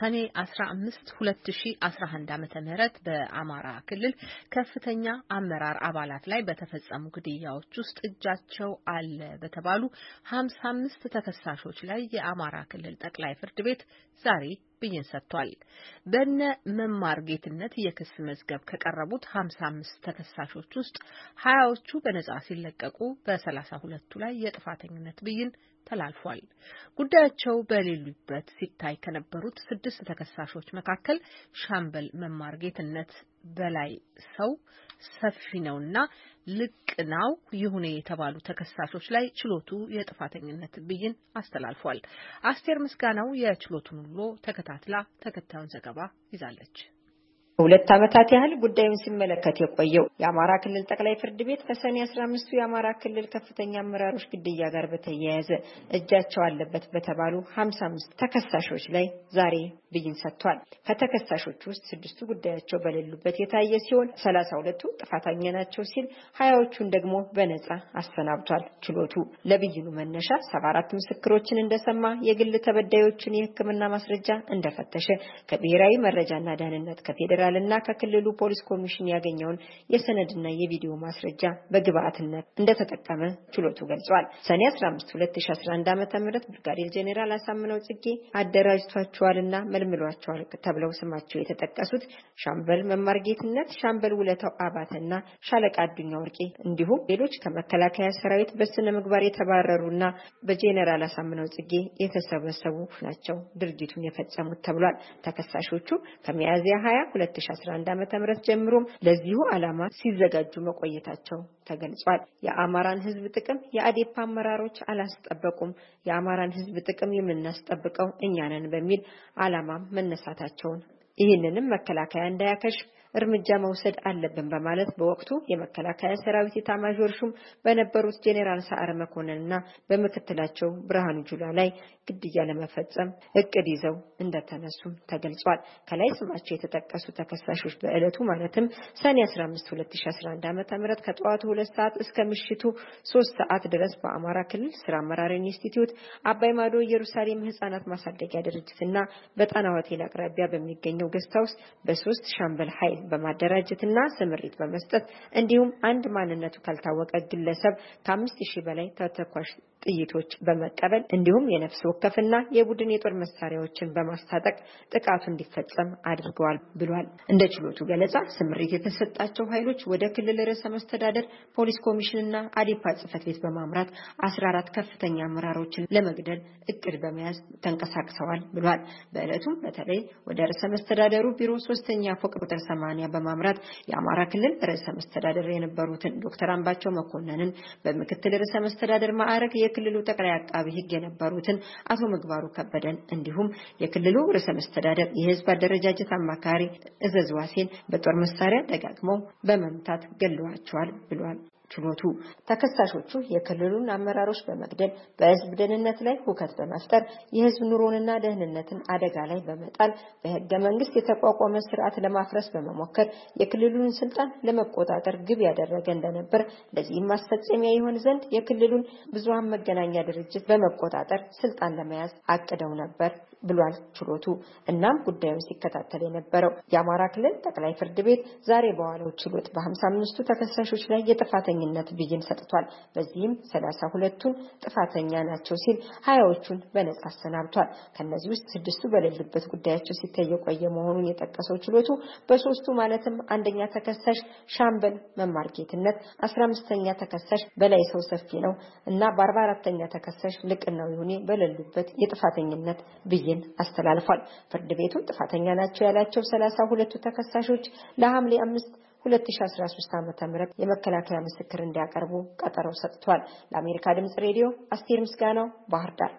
ሰኔ 15 2011 ዓመተ ምህረት በአማራ ክልል ከፍተኛ አመራር አባላት ላይ በተፈጸሙ ግድያዎች ውስጥ እጃቸው አለ በተባሉ 55 ተከሳሾች ላይ የአማራ ክልል ጠቅላይ ፍርድ ቤት ዛሬ ብይን ሰጥቷል። በእነ መማር ጌትነት የክስ መዝገብ ከቀረቡት 55 ተከሳሾች ውስጥ ሀያዎቹ በነጻ ሲለቀቁ በ 32 ላይ የጥፋተኝነት ብይን ተላልፏል። ጉዳያቸው በሌሉበት ሲታይ ከነበሩት ስድስት ተከሳሾች መካከል ሻምበል መማር ጌትነት በላይ ሰው ሰፊ ነውና ነው ይሁኔ የተባሉ ተከሳሾች ላይ ችሎቱ የጥፋተኝነት ብይን አስተላልፏል። አስቴር ምስጋናው የችሎቱን ውሎ ተከታትላ ተከታዩን ዘገባ ይዛለች። ለሁለት ዓመታት ያህል ጉዳዩን ሲመለከት የቆየው የአማራ ክልል ጠቅላይ ፍርድ ቤት ከሰኔ አስራ አምስቱ የአማራ ክልል ከፍተኛ አመራሮች ግድያ ጋር በተያያዘ እጃቸው አለበት በተባሉ ሀምሳ አምስት ተከሳሾች ላይ ዛሬ ብይን ሰጥቷል። ከተከሳሾቹ ውስጥ ስድስቱ ጉዳያቸው በሌሉበት የታየ ሲሆን ሰላሳ ሁለቱ ጥፋተኛ ናቸው ሲል ሀያዎቹን ደግሞ በነጻ አሰናብቷል። ችሎቱ ለብይኑ መነሻ ሰባ አራት ምስክሮችን እንደሰማ፣ የግል ተበዳዮችን የሕክምና ማስረጃ እንደፈተሸ፣ ከብሔራዊ መረጃና ደህንነት ከፌዴራል እና ከክልሉ ፖሊስ ኮሚሽን ያገኘውን የሰነድና የቪዲዮ ማስረጃ በግብአትነት እንደተጠቀመ ችሎቱ ገልጿል። ሰኔ 15 2011 ዓ.ም ብርጋዴር ጄኔራል አሳምነው ጽጌ አደራጅቷቸዋልና መልምሏቸዋል ተብለው ስማቸው የተጠቀሱት ሻምበል መማር ጌትነት፣ ሻምበል አባተ አባተና ሻለቃ አዱኛ ወርቄ እንዲሁም ሌሎች ከመከላከያ ሰራዊት በስነ ምግባር የተባረሩና በጄኔራል አሳምነው ጽጌ የተሰበሰቡ ናቸው ድርጅቱን የፈጸሙት ተብሏል። ተከሳሾቹ ከሚያዝያ 20 2011 ዓ.ም ጀምሮም ለዚሁ ዓላማ ሲዘጋጁ መቆየታቸው ተገልጿል። የአማራን ህዝብ ጥቅም የአዴፓ አመራሮች አላስጠበቁም፣ የአማራን ህዝብ ጥቅም የምናስጠብቀው እኛ ነን በሚል ዓላማም መነሳታቸውን ይህንንም መከላከያ እንዳያከሽ እርምጃ መውሰድ አለብን በማለት በወቅቱ የመከላከያ ሰራዊት የታማዥ ሹም በነበሩት ጄኔራል ሰዓረ መኮንን በምክትላቸው ብርሃኑ ጁላ ላይ ግድያ ለመፈጸም እቅድ ይዘው እንደተነሱም ተገልጿል። ከላይ ስማቸው የተጠቀሱ ተከሳሾች በዕለቱ ማለትም ሰኔ 15 2011 ዓ.ም ከጠዋቱ 2 ሰዓት እስከ ምሽቱ 3 ሰዓት ድረስ በአማራ ክልል ስራ አመራር ኢንስቲትዩት አባይ ማዶ ኢየሩሳሌም ህጻናት ማሳደጊያ ድርጅትና በጣና ሆቴል አቅራቢያ በሚገኘው ገስታውስ በሶስት ሻምበል ኃይል ኃይል በማደራጀትና ስምሪት በመስጠት እንዲሁም አንድ ማንነቱ ካልታወቀ ግለሰብ ከአምስት ሺህ በላይ ተተኳሽ ጥይቶች በመቀበል እንዲሁም የነፍስ ወከፍና የቡድን የጦር መሳሪያዎችን በማስታጠቅ ጥቃቱ እንዲፈጸም አድርገዋል ብሏል። እንደ ችሎቱ ገለጻ ስምሪት የተሰጣቸው ኃይሎች ወደ ክልል ርዕሰ መስተዳደር ፖሊስ ኮሚሽንና አዲፓ ጽህፈት ቤት በማምራት 14 ከፍተኛ አመራሮችን ለመግደል እቅድ በመያዝ ተንቀሳቅሰዋል ብሏል። በዕለቱም በተለይ ወደ ርዕሰ መስተዳደሩ ቢሮ ሶስተኛ ፎቅ ቁጥር መድኃኒያ በማምራት የአማራ ክልል ርዕሰ መስተዳደር የነበሩትን ዶክተር አምባቸው መኮንንን በምክትል ርዕሰ መስተዳደር ማዕረግ የክልሉ ጠቅላይ አቃቢ ሕግ የነበሩትን አቶ ምግባሩ ከበደን እንዲሁም የክልሉ ርዕሰ መስተዳደር የህዝብ አደረጃጀት አማካሪ እዘዝዋሴን በጦር መሳሪያ ደጋግመው በመምታት ገለዋቸዋል ብሏል። ችሎቱ ተከሳሾቹ የክልሉን አመራሮች በመግደል በህዝብ ደህንነት ላይ ሁከት በመፍጠር የህዝብ ኑሮንና ደህንነትን አደጋ ላይ በመጣል በህገ መንግስት የተቋቋመ ስርዓት ለማፍረስ በመሞከር የክልሉን ስልጣን ለመቆጣጠር ግብ ያደረገ እንደነበር፣ ለዚህም ማስፈጸሚያ ይሆን ዘንድ የክልሉን ብዙሃን መገናኛ ድርጅት በመቆጣጠር ስልጣን ለመያዝ አቅደው ነበር ብሏል ችሎቱ። እናም ጉዳዩን ሲከታተል የነበረው የአማራ ክልል ጠቅላይ ፍርድ ቤት ዛሬ በዋለው ችሎት በሀምሳ አምስቱ ተከሳሾች ላይ የጥፋተኝነት ብይን ሰጥቷል። በዚህም ሰላሳ ሁለቱን ጥፋተኛ ናቸው ሲል ሀያዎቹን በነጻ አሰናብቷል። ከእነዚህ ውስጥ ስድስቱ በሌሉበት ጉዳያቸው ሲታይ የቆየ መሆኑን የጠቀሰው ችሎቱ በሶስቱ ማለትም አንደኛ ተከሳሽ ሻምበል መማር ጌትነት፣ አስራ አምስተኛ ተከሳሽ በላይ ሰው ሰፊ ነው እና በአርባ አራተኛ ተከሳሽ ልቅናው ይሁኔ በሌሉበት የጥፋተኝነት ብይን ብይን አስተላልፏል። ፍርድ ቤቱ ጥፋተኛ ናቸው ያላቸው ሰላሳ ሁለቱ ተከሳሾች ለሐምሌ አምስት 2013 ም የመከላከያ ምስክር እንዲያቀርቡ ቀጠሮ ሰጥቷል። ለአሜሪካ ድምፅ ሬዲዮ አስቴር ምስጋናው ባህር ዳር